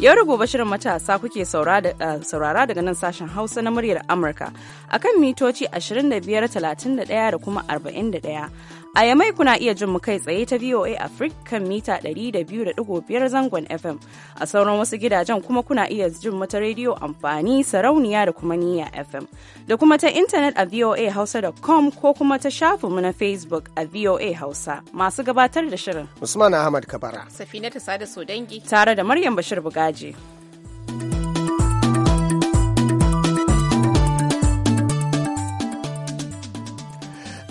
Yau da gobe shirin matasa kuke eh, saurara daga nan sashen Hausa na muryar Amurka akan mitoci 25, 31 da kuma 41. A Yamai kuna iya jin mu kai tsaye ta VOA Africa mita 200.5 zangon FM. A sauran wasu gidajen kuma kuna iya jin mu ta rediyo amfani sarauniya da kuma niyya FM. Da kuma ta intanet a voahausa.com ko kuma ta shafin mu na Facebook a VOA Hausa. Masu gabatar da shirin. Usman Ahmad Kabara. Safina ta sada dangi Tare da Maryam Bashir Bugaji.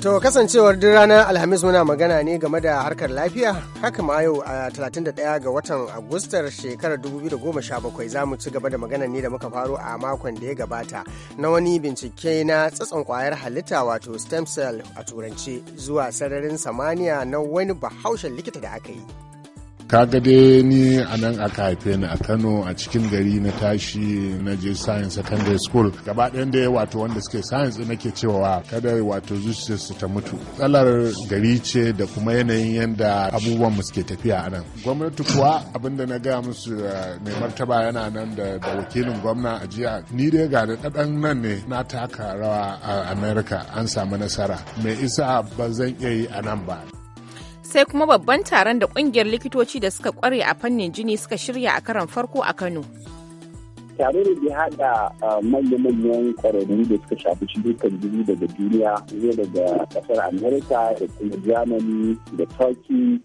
To kasancewar duk ranar Alhamis muna magana ne game da harkar lafiya, haka ma yau a 31 ga watan Agustar shekarar 2017 za mu ci gaba da magana ne da muka faro a makon da ya gabata na wani bincike na tsatson kwayar halitta wato stem cell a turanci zuwa sararin samaniya na wani bahaushen likita da aka yi. kaga dai ni a nan aka haife ni a kano a cikin gari na tashi na je science secondary school gaba ɗayan da wato wanda suke science nake cewa kada wato zuciya su ta mutu tsalar gari ce da kuma yanayin yadda abubuwan mu suke tafiya a nan gwamnati kuwa abinda na gaya musu eh, mai martaba yana nan da wakilin gwamna a jiya ni dai ga da ɗaɗan nan ne na taka rawa a america an samu nasara mai isa ba zan iya yi a nan ba sai kuma babban taron da kungiyar likitoci da suka kware a fannin jini suka shirya a karan farko a Kano. tare da ya haɗa manya-manyan ƙwararrun da suka shafi cikin jini daga duniya zai daga ƙasar amerika da kuma germany da turkey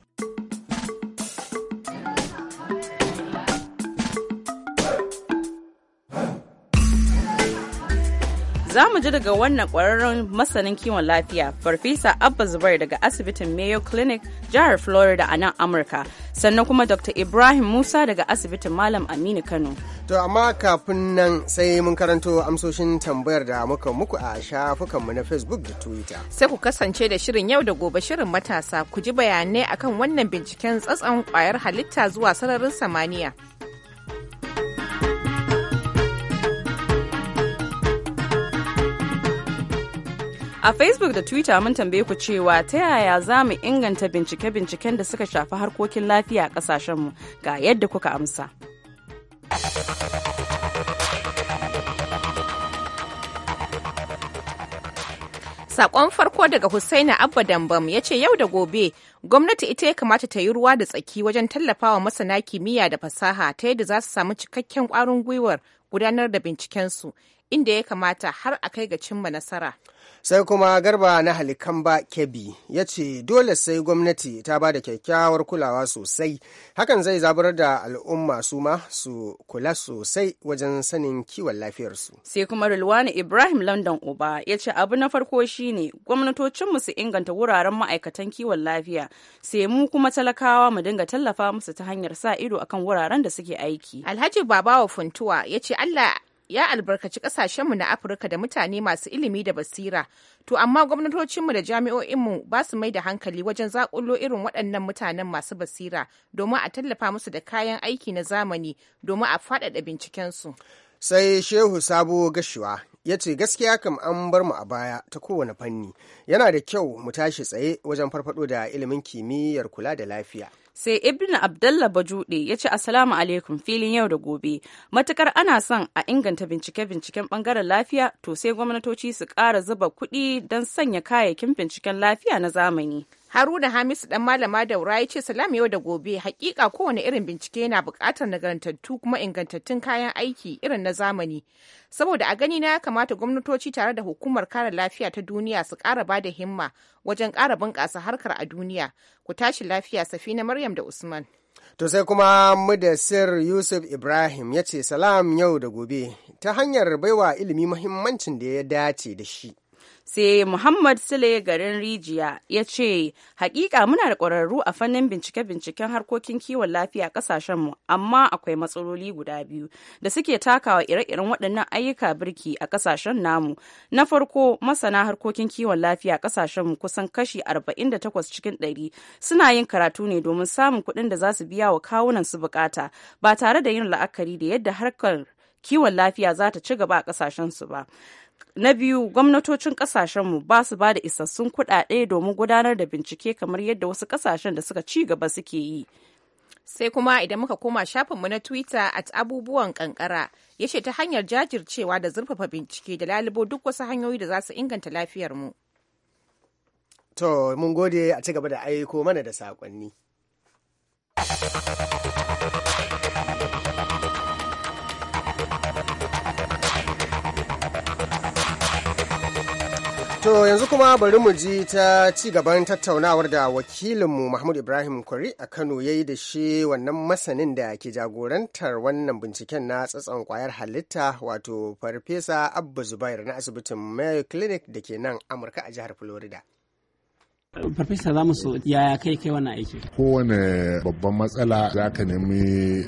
Za mu ji daga wannan ƙwararren masanin kiwon lafiya, Farfesa Abba Zubair daga asibitin Mayo Clinic, jihar Florida a nan Amurka, sannan kuma Dr. Ibrahim Musa daga asibitin Malam Aminu Kano. To amma kafin nan sai mun karanto amsoshin tambayar da muka muku a shafukanmu na Facebook da Twitter. Sai ku kasance da shirin yau da gobe shirin matasa ku ji bayanai akan wannan binciken tsatson kwayar halitta zuwa sararin samaniya. A Facebook da Twitter mun tambaye ku cewa ta yaya za mu inganta bincike-binciken da suka shafi harkokin lafiya a kasashenmu ga yadda kuka amsa. Sakon farko daga Hussaini Abba Dambam ya ce yau da gobe gwamnati ita ya kamata ta yi ruwa da tsaki wajen tallafawa masana kimiyya da fasaha ta yadda za su samu cikakken kwarin gwiwar gudanar da bincikensu inda ya kamata har a kai ga cimma nasara. sai kuma garba na halikamba kebi ya ce dole sai gwamnati ta ba da kyakkyawar kulawa sosai hakan zai zabar da al'umma su ma su kula sosai wajen sanin kiwon lafiyarsu sai kuma rilwani ibrahim london uba ya ce abu na farko shine gwamnatocinmu su inganta wuraren ma'aikatan kiwon lafiya sai mu kuma talakawa mu dinga tallafa musu ta hanyar sa ido akan wuraren da suke aiki alhaji babawa funtuwa ya ce allah ya albarkaci kasashenmu na Afirka da mutane masu ilimi da basira, to amma gwamnatocinmu da jami'o'inmu ba su mai da hankali wajen zaƙullo irin waɗannan mutanen masu basira domin a tallafa musu da kayan aiki na zamani domin a faɗaɗa bincikensu. Sai Shehu Sabo Gashuwa ya ce gaskiya kam an bar mu a baya ta kowane fanni yana da kyau mu tashi tsaye wajen farfado da ilimin kimiyyar kula da lafiya. sai ibn abdallah bajude ya ce 'asalamu alaikum filin yau da gobe matukar ana son a inganta bincike-binciken bangaren lafiya to sai gwamnatoci su ƙara zuba kuɗi don sanya kayayyakin binciken lafiya na zamani Haruna Hamisu dan malama daura ya ce salam yau da gobe hakika kowane irin bincike yana bukatar nagartattu kuma ingantattun kayan aiki irin na zamani. Saboda a gani na ya kamata gwamnatoci tare da hukumar kare lafiya ta duniya su ƙara bada himma wajen ƙara bunƙasa harkar a duniya. Ku tashi lafiya Safina Maryam da Usman. To sai kuma Mudassir Yusuf Ibrahim ya ce salam yau da gobe ta hanyar baiwa ilimi muhimmancin da ya dace da shi. sai muhammad sule garin rijiya ya ce hakika muna da ƙwararru a fannin bincike-binciken harkokin kiwon lafiya ƙasashenmu amma akwai matsaloli guda biyu da suke takawa ire-iren waɗannan ayyuka birki a ƙasashen namu na farko masana harkokin kiwon lafiya ƙasashenmu kusan kashi arba'in da 48 cikin ɗari suna yin karatu ne domin samun kuɗin da za su biya wa kawunan su bukata ba tare da yin la'akari da yadda harkar kiwon lafiya za ta ci gaba a ƙasashen su ba na biyu gwamnatocin kasashenmu ba su ba da isassun kuɗaɗe domin gudanar da bincike kamar yadda wasu kasashen da suka ci gaba suke yi sai kuma idan muka koma shafinmu na twitter at abubuwan kankara ya ce ta hanyar jajircewa da zurfafa bincike da lalubo duk wasu hanyoyi da za su inganta lafiyar mu. to mun gode a ci gaba da aiko mana da saƙonni To yanzu kuma bari mu ji ta ci gaban tattaunawar da wakilinmu Mahmud Ibrahim Kwari a Kano ya yi da shi wannan masanin da ke jagorantar wannan binciken na tsatson kwayar halitta wato Farfesa Abba Zubair na asibitin Mayo Clinic da ke nan Amurka a jihar Florida. Farfesa za mu so yaya kai kai wannan aiki? Kowane babban matsala za ka nemi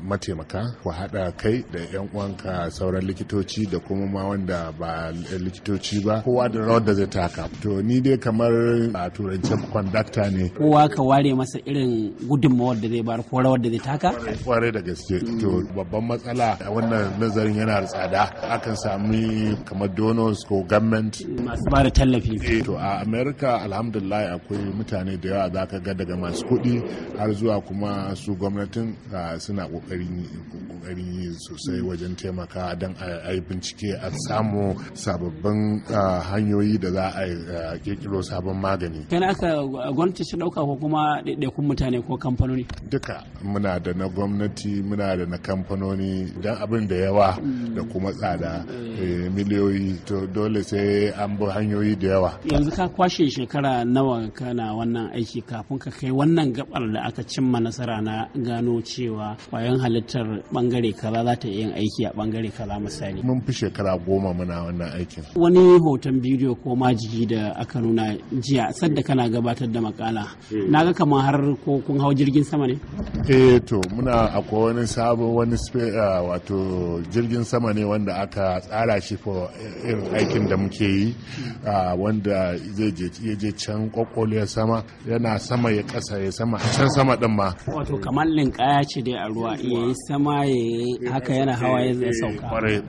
mataimaka ku haɗa kai da 'yan uwanka sauran likitoci da kuma ma wanda ba likitoci ba kowa da rawar da zai taka. To ni dai kamar a turancin kwandakta ne. Kowa ka ware masa irin gudunmawar da zai bar ko rawar da zai taka? Kware da gaske. To babban matsala wannan nazarin yana da tsada akan sami kamar donors ko government. Masu ba da tallafi. Eh, to a Amerika alhamdulillah akwai akwai mutane da yawa za ka ga daga masu kuɗi har zuwa kuma su gwamnatin suna ƙoƙarin yi sosai wajen taimaka don a yi bincike a samu sababbin hanyoyi da za a kekiro sabon magani. Kana aka gwamnati su ɗauka ko kuma ɗaiɗaikun mutane ko kamfanoni? Duka muna da na gwamnati muna da na kamfanoni don abin da yawa da kuma tsada mm. eh, miliyoyi to dole sai an bi hanyoyi da yawa. Yanzu ka kwashe shekara nawa ka kana wannan aiki kafin ka kai wannan gabar da aka cimma nasara na gano cewa kwayan halittar bangare kaza za ta yin aiki a bangare kaza misali mun fi shekara goma muna wannan aikin wani hoton bidiyo ko majigi da aka nuna jiya sadda kana gabatar da makala hmm. na ga kamar har ko kun hau jirgin sama ne eh to muna akwai wani sabon wani ah, wato jirgin sama ne wanda aka tsara shi for eh, irin aikin da muke yi hmm. ah, wanda zai je can kwakwalo ya sama yana sama ya kasa ya sama a can sama din ma wato kamar linkaya ce dai a ruwa ya yi sama ya haka yana hawa ya zai sauka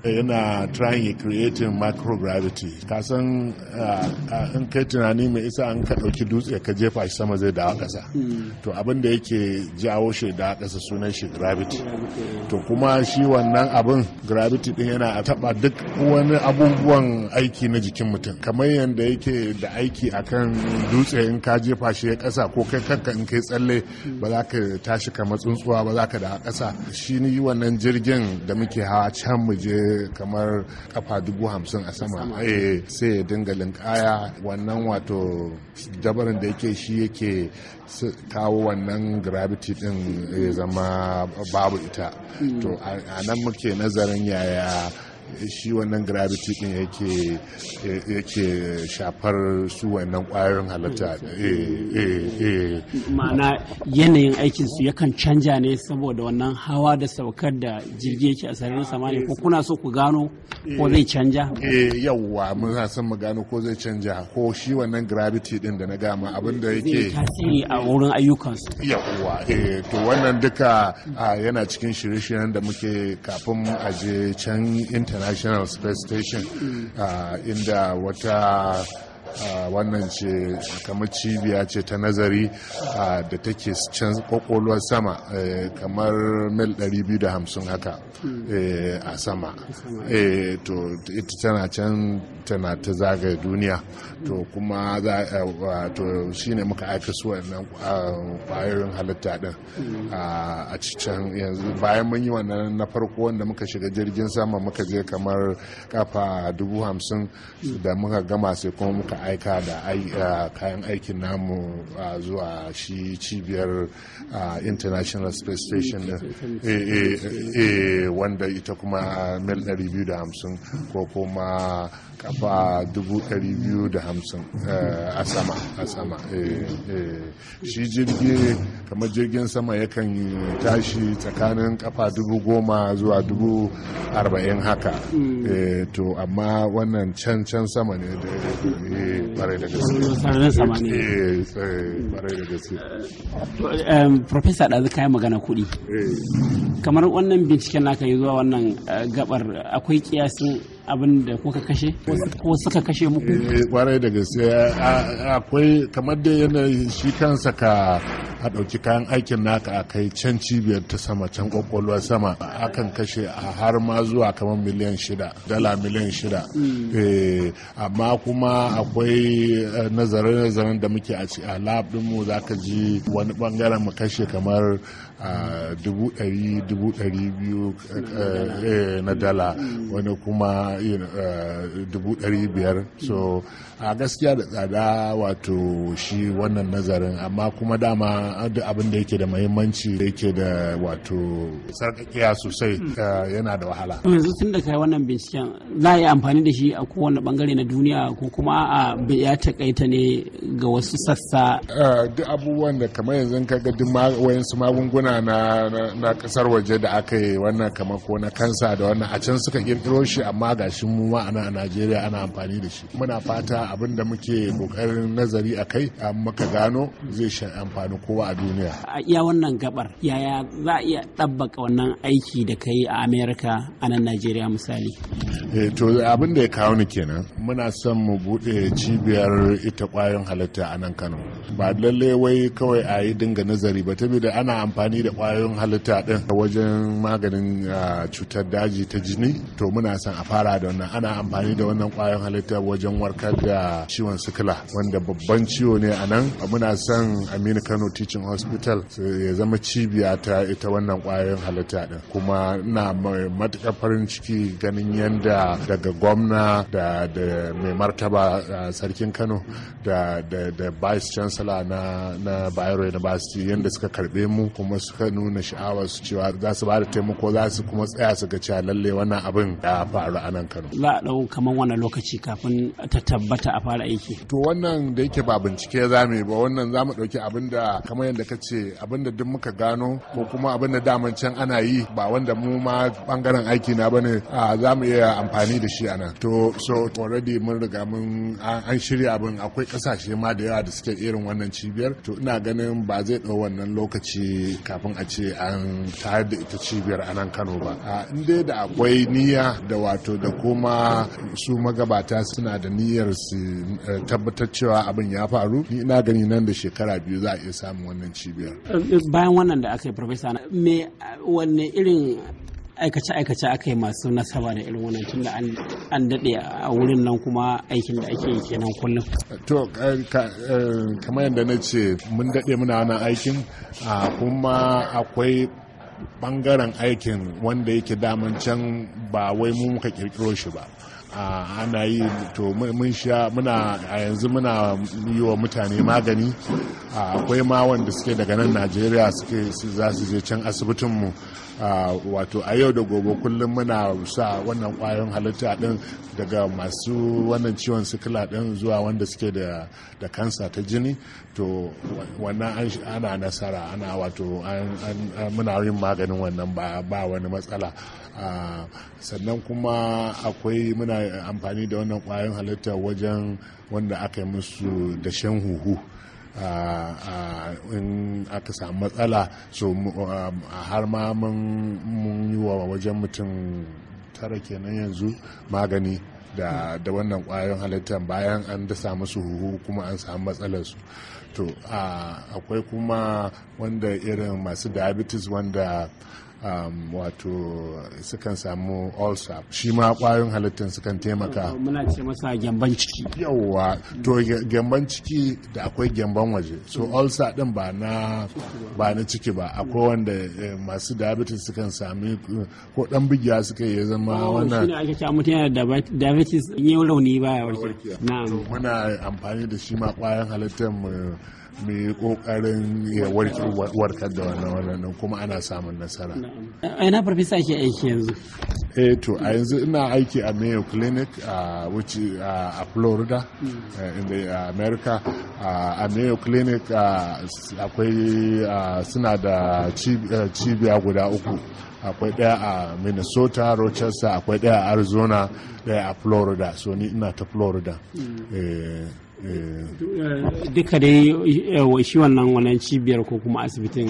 yana trying to creating microgravity ka san ah, ah, in kai tunani mai isa an ka dauki dutse ka jefa shi sama zai dawo kasa hmm. to abin da yake jawo shi da kasa sunan shi gravity eh. to kuma shi wannan abin gravity din yana taba duk wani abubuwan aiki na jikin mutum kamar yadda yake da aiki akan dutse in ka jefa shi ya ƙasa ko kai kanka in kai tsalle ba za ka tashi kamar tsuntsuwa ba za ka da ƙasa shi ni wannan jirgin da muke hawa can mu je kamar kafa dubu hamsin a sama eh, sai ya dinga linkaya wannan wato dabarin da yake shi yake kawo wannan gravity din ya zama babu ita hmm. to a nan muke nazarin yaya shi wannan gravity din yake yake shafar su wannan kwayoyin halitta eh, eh, eh. ma'ana yanayin aikin su yakan canja ne saboda wannan hawa da saukar da jirgi yake a sararin samaniya ko kuna so ku gano ko zai canja eh yawwa mun san mu gano ko zai canja ko shi wannan gravity din da na gama abin da yake tasiri a wurin ayyukansu yawwa eh to wannan duka ah, yana cikin shirye-shiryen da muke kafin aje can intanet international space station uh, inda wata wannan ce kamar cibiya ce ta nazari da take can kwakwalwar sama eh, kamar mil 250 haka eh, a sama eh, to ita tana can tana ta zagaya duniya to kuma to shine muka aika su wannan kwayoyin halitta din a cikin yanzu bayan mun yi wannan na farko wanda muka shiga jirgin sama muka je kamar kafa dubu hamsin da muka gama sai kuma muka aika da kayan aikin namu zuwa shi cibiyar international space station eh, eh, eh, wanda ita kuma mil 250 ko kuma kafa 250 eh, a sama a sama eh, eh. shi jirgi kamar jirgin sama yakan tashi tsakanin kafa 10,000 zuwa 40,000 haka mm. to amma wannan can can sama ne da barai da gaske professor ɗazu kayan magana kuɗi kamar wannan binciken naka yi zuwa wannan gabar akwai kiyasin abin da kuka kashe ko suka kashe muku eh, kwarai da gaske akwai kamar da yanayin shi kansa ka a ɗauki kayan aikin naka a kai can cibiyar ta sama can kwakwalwar sama akan kashe a har ma zuwa kamar miliyan shida dala miliyan shida mm. eh, amma kuma akwai eh, nazare-nazaren da muke a lab mu za ka ji wani bangaren mu kashe kamar a dubu dari dubu dari biyu eh, eh, na dala wani kuma eh, dubu dari biyar so a gaskiya da tsada wato shi wannan nazarin amma kuma dama duk abin da yake da mahimmanci da yake da wato sarkakiya sosai yana da wahala yanzu tun da kai wannan binciken za a yi amfani da shi a kowane bangare na duniya ko kuma a ya takaita ne ga wasu sassa duk abubuwan da kamar yanzu ga duk wayansu magunguna magunguna na, na, kasar waje da aka yi wannan kamar ko na kansa da wannan a can suka kirkiro shi amma ga shi mu ma a najeriya ana amfani da shi muna fata abin da muke kokarin nazari a kai muka gano zai sha amfani kowa a duniya a iya wannan gabar yaya za a iya tabbaka wannan aiki da kai a america a nan najeriya misali eh, to abin da ya kawo ni kenan muna son mu bude cibiyar ita kwayoyin halitta a nan kano ba lallai wai kawai a yi dinga nazari ba ta da ana amfani amfani da kwayoyin halitta din wajen maganin ah, cutar daji ta jini to muna son a fara da wannan ana amfani da wannan kwayoyin halitta wajen warkar da ciwon sikila wanda babban ciwo ne a nan muna son aminu kano teaching hospital ya zama cibiya ta ita wannan kwayoyin halitta din kuma na matuƙar farin ciki ganin yadda daga gwamna da mai martaba ah, sarkin kano da vice chancellor na bayero university yadda suka karbe mu kuma suka nuna sha'awa su cewa za su ba da taimako za su kuma tsaya su ga cewa lalle wannan abin ya faru a nan Kano. Za a ɗau kamar wani lokaci kafin ta tabbata a fara aiki. To wannan da yake ba bincike za mu yi ba wannan za mu ɗauki abin da kamar yadda ka ce abin da duk muka gano ko kuma abin da daman can ana yi ba wanda mu ma bangaren aiki na bane ne za mu iya amfani da shi a nan. To so already mun riga mun an shirya abin akwai ƙasashe ma da yawa da suke irin wannan cibiyar to ina ganin ba zai ɗau wannan lokaci ka kafin a ce an tayar da ita cibiyar a nan kano ba a inda da akwai niyya da wato da kuma su magabata suna da niyyar su eh, tabbatar cewa abin ya faru ni ina gani nan da shekara biyu za a iya samun wannan cibiyar bayan wannan da aka yi farfesa me wanne irin aikace-aikace aka yi masu nasaba da irin wannan tunda an daɗe a wurin nan kuma aikin da ake yi kenan kullum. To, eh, eh, kamar yadda na ce mun daɗe muna wannan aikin ah, kuma akwai bangaren aikin wanda yake daman can ba wai mu muka kirkiro shi ba. ana yi to mun sha muna a yanzu muna yi wa mutane magani akwai ma wanda suke daga nan najeriya suke za su je can asibitinmu wato a yau da gobe kullum muna sa wannan kwayoyin halitta din daga masu wannan ciwon sikila din zuwa wanda suke da kansa ta jini to wannan ana nasara ana wato muna yin maganin wannan ba wani matsala Ah, sannan kuma akwai muna amfani da wannan kwayan halitta wajen wanda aka yi musu dashen huhu ah, ah, in aka samu matsala so um, har ma mun yi wa wajen mutum tara kenan yanzu magani da wannan kwayan halittar bayan an dasa musu huhu kuma an samu matsalarsu to akwai kuma wanda irin masu diabetes wanda um, wato sukan samu ulcer shi ma kwayoyin halittar sukan taimaka muna ce masa gyamban ciki yawwa to mm. gyamban ciki da akwai gyamban waje so mm. ulcer din ba na ba na ciki ba akwai mm. wanda eh, masu diabetes sukan sami ko dan bigiya suka yi zama wannan oh, shi ne ake cewa mutum yana diabetes yin rauni ba ya warke na'am muna amfani da shi ma kwayoyin halittar mu mai kokarin ya warkar da wannan wannan kuma ana samun nasara ina farfisa ake aiki yanzu eh to a yanzu ina aiki a mayo clinic a wuce a florida eh, in the america a mayo clinic akwai suna da eh, cibiya guda uku akwai ɗaya a minnesota rochester akwai ɗaya a arizona ɗaya a florida so ni ina ta florida mm. eh. Eh, duka dai shi wannan wannan cibiyar ko kuma asibitin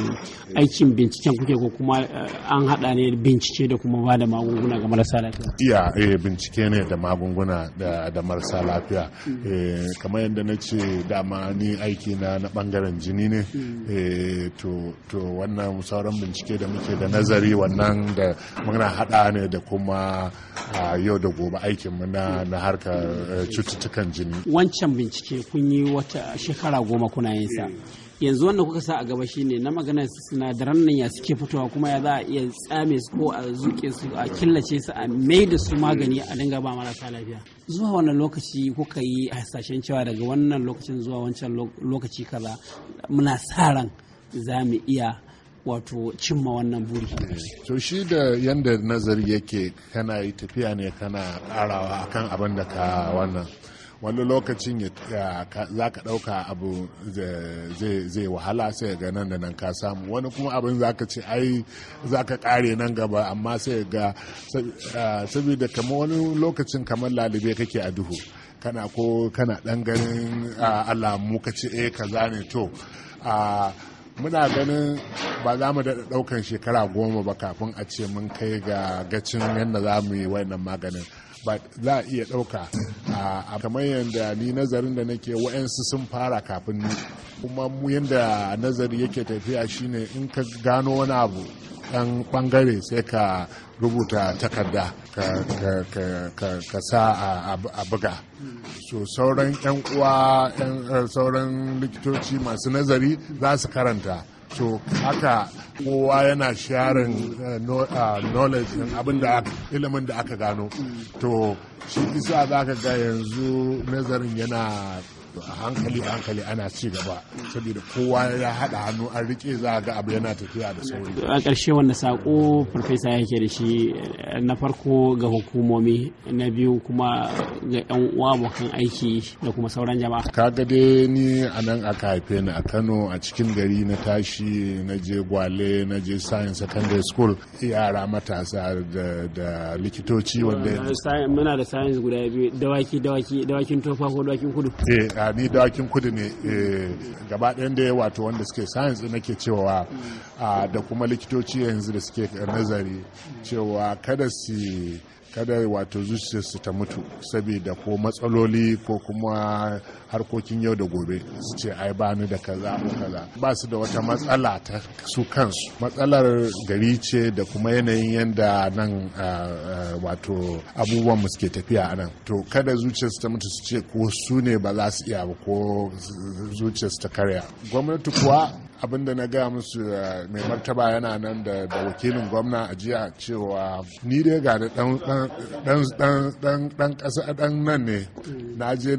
aikin binciken kuke ko kuma eh, an hada ne bincike da kuma ba da magunguna ga marasa lafiya iya eh, bincike ne da magunguna da marasa lafiya kamar yadda na ce dama ni aiki na na bangaren jini ne to wannan sauran bincike da muke da nazari wannan da muna hada ne da kuma ah, yau da gobe aikin mu na harkar cututtukan jini wancan bincike cike kun yi wata shekara goma kuna yin sa yanzu wanda kuka sa a gaba shine na maganar sinadaran nan ya suke fitowa kuma ya za a iya tsame su ko a zuke su a killace su a mai da su magani a dinga ba marasa lafiya zuwa wannan lokaci kuka yi hasashen cewa daga wannan lokacin zuwa wancan lokaci kaza muna sa ran za mu iya wato cimma wannan buri. To shi da yanda nazari yake kana yi tafiya ne kana karawa akan abin da ka wannan. wani lokacin za ka ɗauka abu zai wahala sai ga nan da nan ka samu wani kuma abin za ka ce ai za ka ƙare nan gaba amma sai ga saboda kamar wani lokacin kamar lalibe kake a duhu kana ko kana ɗan ganin alamu ka ce eh kaza ne to muna ganin ba za mu daɗa ɗaukan shekara goma ba kafin a ce mun kai ga gacin yadda za mu yi wannan maganin ba za a iya ɗauka a kamar yadda ni nazarin da nake wa'yansu sun fara kafin ni kuma mu yadda nazari yake tafiya shine in ka gano wani abu ɗan ɓangare sai ka rubuta takarda ka sa a buga so sauran 'yan uwa eh, sauran likitoci masu nazari za su karanta to haka kowa yana sharing eh, ah, knowledge abin da ilimin da aka gano to shi isa za ka ga yanzu nazarin yana to a hankali a hankali ana ci gaba saboda kowa ya haɗa hannu an rike za ga abu yana tafiya da sauri a ƙarshe wanda sako farfesa yake da shi na farko ga hukumomi na biyu kuma ga yan uwa abokan aiki da kuma sauran jama'a kaga dai ni a nan aka haife ni a Kano a cikin gari na tashi na je Gwale na je Science Secondary School yara matasa da likitoci wanda muna da science guda biyu dawaki dawaki dawakin tofa ko dawakin kudu eh ni ni dawakin kudu ne eh, gaba ɗayan da wato wanda suke science nake cewa ah, da kuma likitoci yanzu da suke nazari cewa kada su kada wato zuciyarsu ta mutu saboda ko matsaloli ko kuma harkokin yau da gobe su ce ai ba ni da kaza ko kaza ba su da wata matsala ta su kansu matsalar gari ce da kuma yanayin yadda nan wato abubuwan mu suke tafiya a nan to kada zuciyarsu ta mutu su ce ko su ne ba za su iya ba ko zuciyarsu ta karya gwamnati kuwa abinda na gaya musu eh, mai martaba yana nan da wakilin gwamna a jiya cewa ni dai ga da dan kasa dan nan ne na je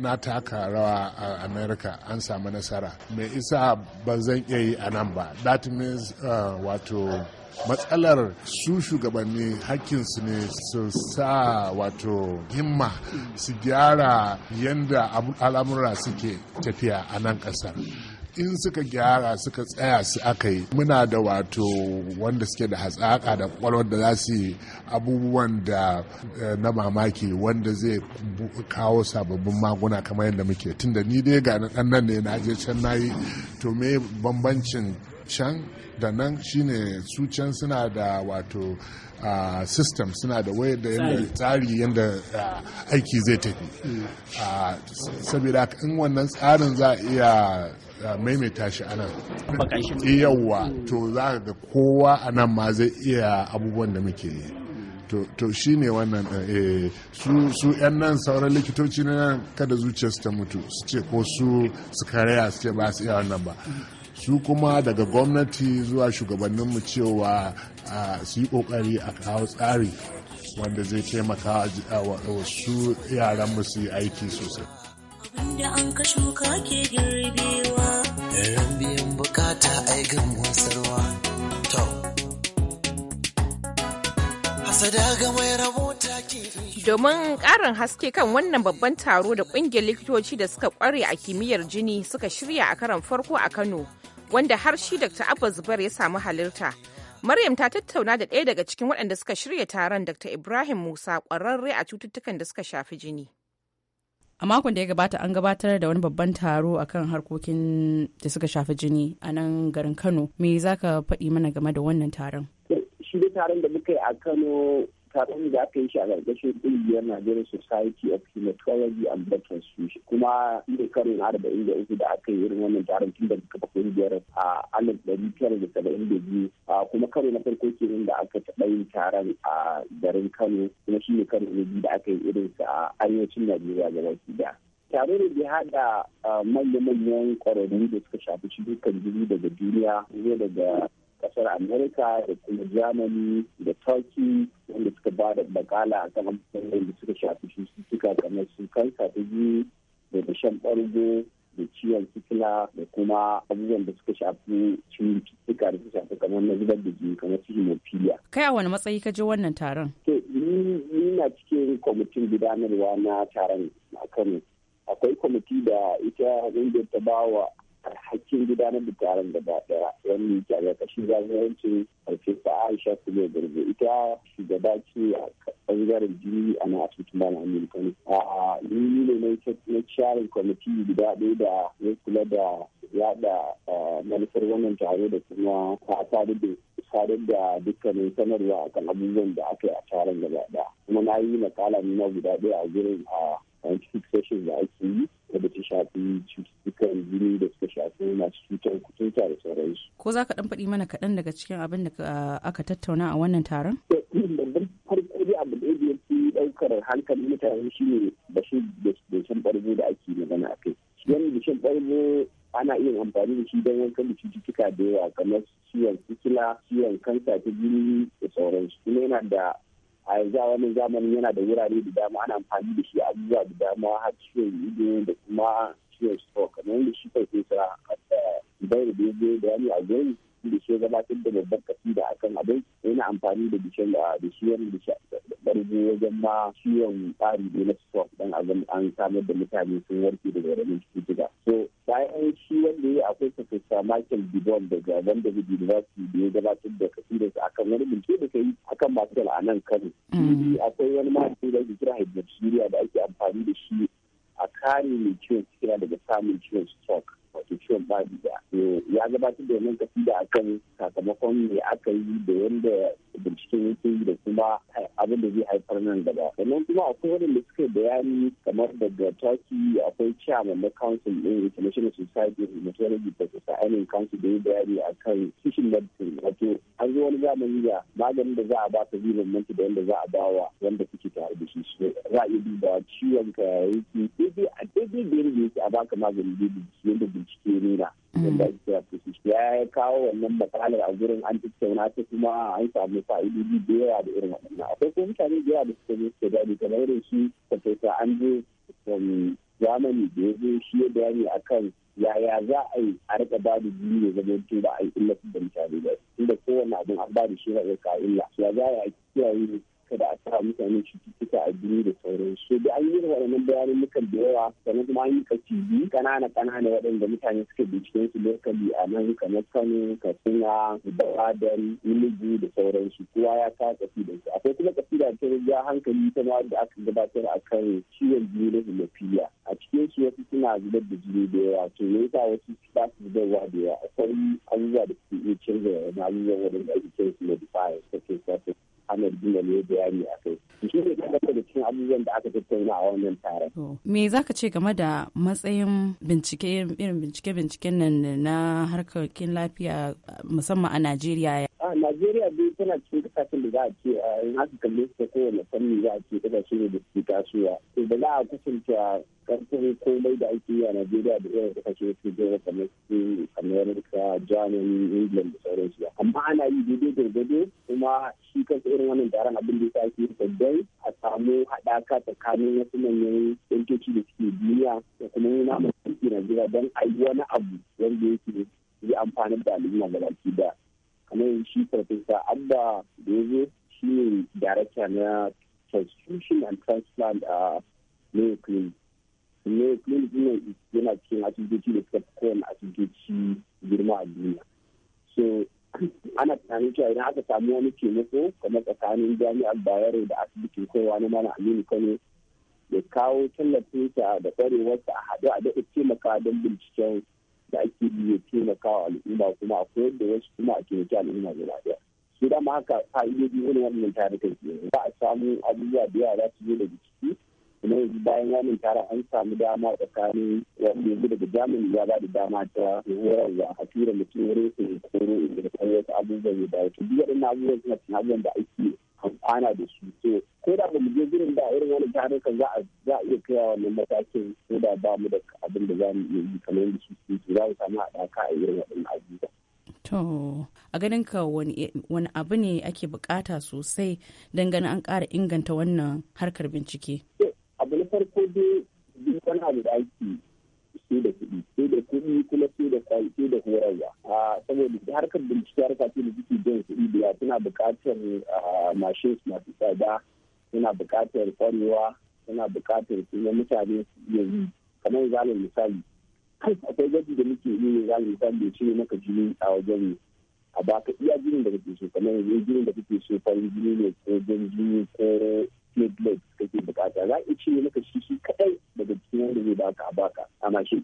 na taka rawa a america an samu nasara mai isa ba zan iya yi a nan ba that means eh, wato matsalar su shugabanni hakkinsu ne su sa wato himma su gyara yadda al'amura suke tafiya a nan kasar in suka gyara suka tsaya su aka yi muna da wato wanda suke da hatsaka da kwalwar da za su yi abubuwan da eh, na mamaki wanda zai kawo sababbin maguna kamar yadda muke tunda ni dai ga nan nan ne na je can na yi to me bambancin can da nan shine su can suna da wato uh, system suna da wayar da yanda tsari yadda eh, aiki zai tafi mm. ah, saboda in wannan tsarin za a iya maimaita shi anan yawwa to za ga kowa anan ma zai iya abubuwan da muke yi to shi ne wannan eh, su 'yan nan sauran likitoci na nan kada su ta mutu su ce ko su su karaya su ce ba su iya wannan ba su kuma daga gwamnati zuwa shugabannin mu cewa su yi kokari a kawo tsari wanda zai taimaka wa su yaran su yi aiki sosai Wanda an ka shuka ke girbewa. Ran biyan bukata ai gan wasarwa. To. Hasada ga mai rabota ke Domin ƙarin haske kan wannan babban taro da ƙungiyar likitoci da suka ƙware a kimiyyar jini suka shirya a karon farko a Kano, wanda har shi Dr. Abba Zubair ya samu halarta. Maryam ta tattauna da ɗaya daga cikin waɗanda suka shirya taron Dr. Ibrahim Musa ƙwararre a cututtukan da suka shafi jini. a makon da ya gabata an gabatar da wani babban taro akan harkokin da suka shafi jini a nan garin kano me za ka faɗi mana game da wannan taron shi da taron da muka yi a kano taron da aka yi shi a ƙarƙashin ƙungiyar Nigerian Society of Hematology and Blood Transfusion kuma ne karin arba'in da uku da aka yi irin wannan taron tun da kafa ƙungiyar a alif ɗari biyar da saba'in da biyu kuma karo na farko kenan da aka taɓa yin taron a garin Kano kuma shi ne karo na biyu da aka yi irin sa a arewacin Najeriya gaba ɗaya. tare da ya haɗa manya-manyan ƙwararru da suka shafi shi dukkan jini daga duniya zuwa daga kasar amerika da kuma germany da turkey wanda suka ba da bakala a kan abubuwan da suka shafi cututtuka kamar su kansa ta biyu da dashen ɓargo da ciwon sikila da kuma abubuwan da suka shafi cututtuka da suka shafi kamar na zubar da jini kamar su hemophilia. Kai a wani matsayi ka je wannan taron? Ni na cikin kwamitin gudanarwa na taron a Kano. Akwai kwamiti da ita da ta bawa alhakin gudanar da taron gaba daya wanda yake a ƙarƙashin jagorancin farfesa aisha kuma garbe ita shugaba ce a ɓangaren jini a na asibitin bana amurka ne a yi ne na sharing kwamiti guda ɗaya da ya kula da yada manufar wannan taro da kuma a sadar da dukkanin sanarwa akan abubuwan da aka yi a taron gaba daya kuma na yi makala na guda ɗaya a gurin a scientific session da ake yi da ta shafi cutar za ka dan faɗi mana kaɗan daga cikin abin da aka tattauna a wannan taron? ɗaukar hankali mutane shi ne da shan da ake magana a kai. da shan ana iya amfani da shi don wankan cututtuka da yawa kamar ciwon sikila, ciwon kansa ta jini da sauransu. Kuma yana da a yanzu a wannan zamanin yana da wurare da dama ana amfani da shi abubuwa da dama har ciwon ido da kuma ciwon stroke kamar yadda shi farfesa bayar da ya bayani a gani da shi gabatar da babban kasida a kan abin yana amfani da bishan ah, da shiyar da ɓargo wajen ma ciwon tsari da na stock dan an samar da mutane sun warke daga ramin cututtuka so bayan shi wanda ya akwai professor michael dibon daga wanda da university da ya gabatar da kasidar a kan wani bincike da kai akan masu a nan kano mm. akwai wani mahaifin da ake kira hydroxyuria da ake amfani da shi a kare mai ciwon sikila daga samun ciwon stock wato ciwon baɗi da ya gabatar da wannan kasida a kan sakamakon me aka yi da yadda binciken yake yi da kuma abin da zai haifar nan gaba sannan kuma akwai waɗanda suka yi bayani kamar daga turkey akwai chairman na council ɗin international society of hematology professor ainihin council da ya bayani a kan kishin medicine wato an zo wani zamani da maganin da za a ba ta zai bambanta da yadda za a ba wa wanda suke tare da shi su za a iya duba ciwon ka yake daidai a daidai da yadda yake a baka magani daidai yadda bincike na wanda mm. ake kira thesis ya kawo wannan matsalar a gurin an tattauna ta kuma an samu fa'idodi da yawa da irin waɗannan akwai ko mutane da yawa da suka zo suka gani kamar irin shi an Andrew from zamani da ya zo shi ya bayani kan yaya za a yi a rika ba da biyu ne zama tun ba a yi illatin da mutane ba tunda kowane abin an ba da shi na ka illa ya za a yi kiyaye kada a sa mutane cututtuka a jini da sauransu da an yi waɗannan bayanan da yawa sannan kuma an yi kacibi ƙanana ƙanana waɗanda mutane suke binciken su lokali a nan kamar kano katsina ibadan ilugu da sauransu kowa ya sa da su akwai kuma kafi da ta ja hankali ta ma da aka gabatar a kan ciwon jini na hemophilia a cikin su wasu suna zubar da jini da yawa to me yasa wasu ba su zubarwa da yawa akwai abubuwa da suke iya canza na abubuwan waɗanda ake su modifiers da Ahmed Gina ne bayani a kai. shi ne kan da cikin abubuwan da aka tattauna a wannan taron. Me za ka ce game da matsayin bincike irin bincike-binciken nan na harkokin lafiya musamman a Najeriya? A Najeriya dai tana cikin kasashen da za a ce yin haka kalli su ta kowane fanni za a ce kasashe ne da suke tasowa. Da za a kusanta karfin komai da ake yi a Najeriya da irin kasashe su jera kamar su America, Germany, England da sauransu. Amma ana yi daidai gwargwado kuma shi kan irin wannan taron abin da ya sa ake yi dai a samu haɗaka tsakanin wasu manyan yankoki da suke duniya da kuma yi namun na jira don a yi wani abu wanda yake yi amfanin da al'umma ga baki da kamar shi farfesa abba da ya zo shi ne darakta na transfusion and transplant a mayo clinic yana cikin asibitoci da suka fi kowane asibitoci girma a duniya so ana tunanin cewa idan aka samu wani taimako kamar tsakanin jami'ar bayero da asibitin kowa na mana aminu kano ya kawo tallafinsa da kwarewarsa a haɗu a daɗa taimaka don binciken da ake yi taimakawa taimaka wa al'umma kuma a koyar da wasu kuma a taimaki al'umma gaba ɗaya su dama haka fa'idodi wani wannan tare ke ba a samu abubuwa da yawa za su zo da jiki kuma yanzu bayan wannan tara an samu dama tsakanin wanda yanzu daga jamani ya ba da dama ta horarwa a tura mutum wurin su koro inda da wasu abubuwan ya dawo biyar na abubuwan suna cin abubuwan da ake amfana da su so ko da ba mu je gurin da irin wani tarin kan za a za a iya kai wannan matakin ko da ba mu da abin da za mu iya yi kamar yadda su su za mu samu haɗaka a irin waɗannan abubuwan. To, a ganin ka wani abu ne ake bukata sosai dangane an ƙara inganta wannan harkar bincike. dai duk abu da ake sai da kuɗi sai da kuɗi kuma sai da sai da horarwa saboda harkar bincike harka ce da suke jan kuɗi biya suna buƙatar mashin masu tsada suna buƙatar kwarewa suna buƙatar kuma mutane su iya yi kamar zalin misali akwai gwaji da muke yi ne zalin misali da cire maka jini a wajen a baka iya jinin da kake so kamar yanzu jinin da kake so farin jini ne ko jan jini ko platelet kake buƙata za a iya cire maka shi shi baka ana so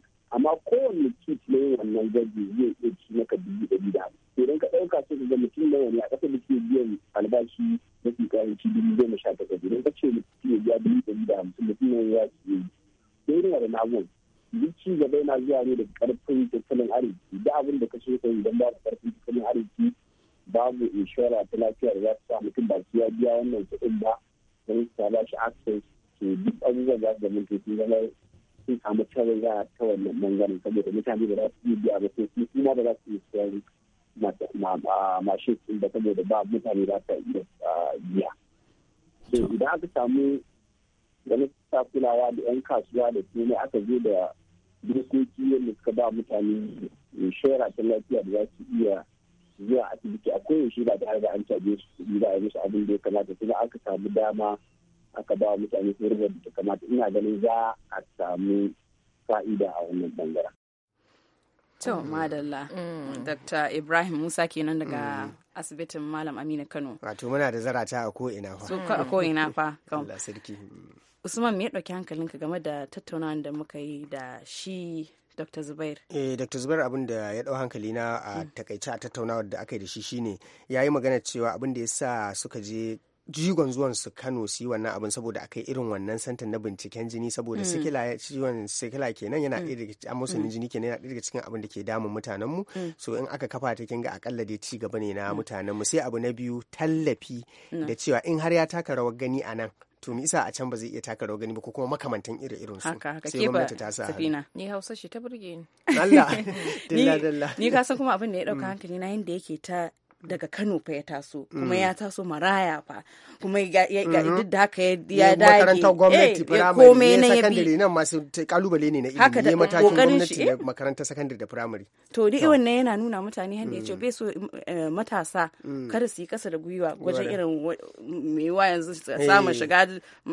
saboda mutane da za su yi biya ba ko su ma ba za su yi mashin ɗin ba saboda ba mutane za su iya biya. idan aka samu wani kulawa da 'yan kasuwa da su aka zo da dokoki yadda suka ba mutane shera ta lafiya da za su iya zuwa cikin a koyaushe ba tare da an caje su kuɗi ba a musu abin da ya kamata kuma aka samu dama aka ba mutane su rubar da kamata ina ganin za a samu fa'ida a wannan bangaren. To, mm. madalla. Mm. Dr. Ibrahim Musa kenan daga mm. asibitin Malam Aminu Kano. Wato muna da zarata a ko'ina fa. So, a ko'ina fa. Allah sarki. Usman, me ya ɗauki hankalinka game da tattaunawan da muka yi da shi Dr. Zubair. Eh, Dr. Zubair abin da ya ɗau hankali na a takaice a tattaunawar da aka yi da shi shine ya yi magana cewa abin da ya sa suka je jigon zuwan su Kano su yi wannan abin saboda kai irin wannan santan na binciken jini saboda mm. sikila ciwon sikila kenan yana mm. ɗaya daga amosanin mm. jini kenan yana ɗaya daga cikin abin da ke damun mutanenmu so in aka kafa ta kinga akalla dai ci gaba ne na mutanenmu sai abu na biyu tallafi da cewa in har ya taka rawar gani a nan to mi isa a can ba zai iya taka rawar gani ba ko kuma makamantan iri irin su haka haka sai gwamnati ta sa safina ni Hausa shi ta burge ni Allah dalla dalla ni ka san kuma abin da ya dauka hankali na yanda yake ta daga Kano fa ya taso kuma mm. ya taso maraya fa kuma ya mm-hmm. duk da haka ya dage makarantar gwamnati eh, firamare ne sakandare nan masu kalubale ne na ilimi ne matakin gwamnati da eh? makarantar sakandare da firamare to dai nan yana nuna mutane yadda ya ce mm. bai so mm, eh, matasa kada su yi kasa da gwiwa wajen irin wa yanzu samu shiga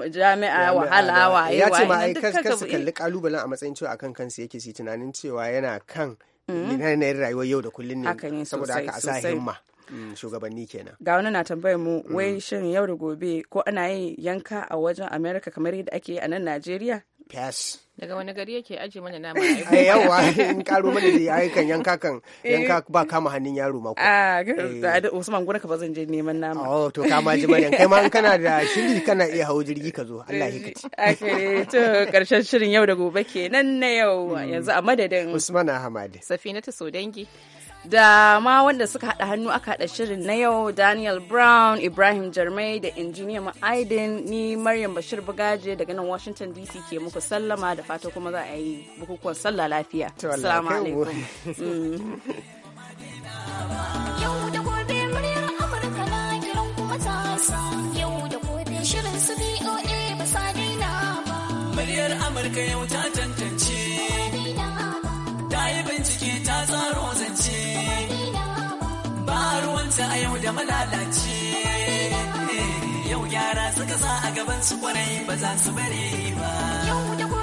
jami'a wahala wa ya ce ma kar su kalli kalubalen a matsayin cewa akan kansu yake su tunanin cewa yana kan Ni na yanayin rayuwar yau da kullum ne saboda haka a sa himma Mm, shugabanni kenan ga wani na tambayar mu mm. wai shin yau da gobe ko ana yin yanka a wajen america kamar yadda ake yi a nan najeriya Yes. Daga wani gari yake aji mana nama ai eh, yawa in karo mana da ayyukan yanka kan eh. yanka ba kama hannun yaro mako. A ah, eh. da Usman gura ka ba zan je neman nama. Oh to kama ji bane kai ma in kana da shiri kana iya hawo jirgi ka zo Allah ya kaci. Ake to karshen shirin yau da gobe kenan na yau mm. yanzu a madadin Usman Ahmad. so dangi. da ma wanda suka haɗa hannu aka haɗa shirin na yau Daniel Brown, Ibrahim Jarmai da injiniya ma'aidin ni Maryam Bashir Bugaje daga nan Washington DC ke muku sallama da fata kuma za a yi bukukuwan sallah lafiya. Assalamu alaikum. Muryar Amurka yau ta zalunci a yau da malalaci eh, yau gyara suka sa a gaban su kwarai ba za su bari ba yau da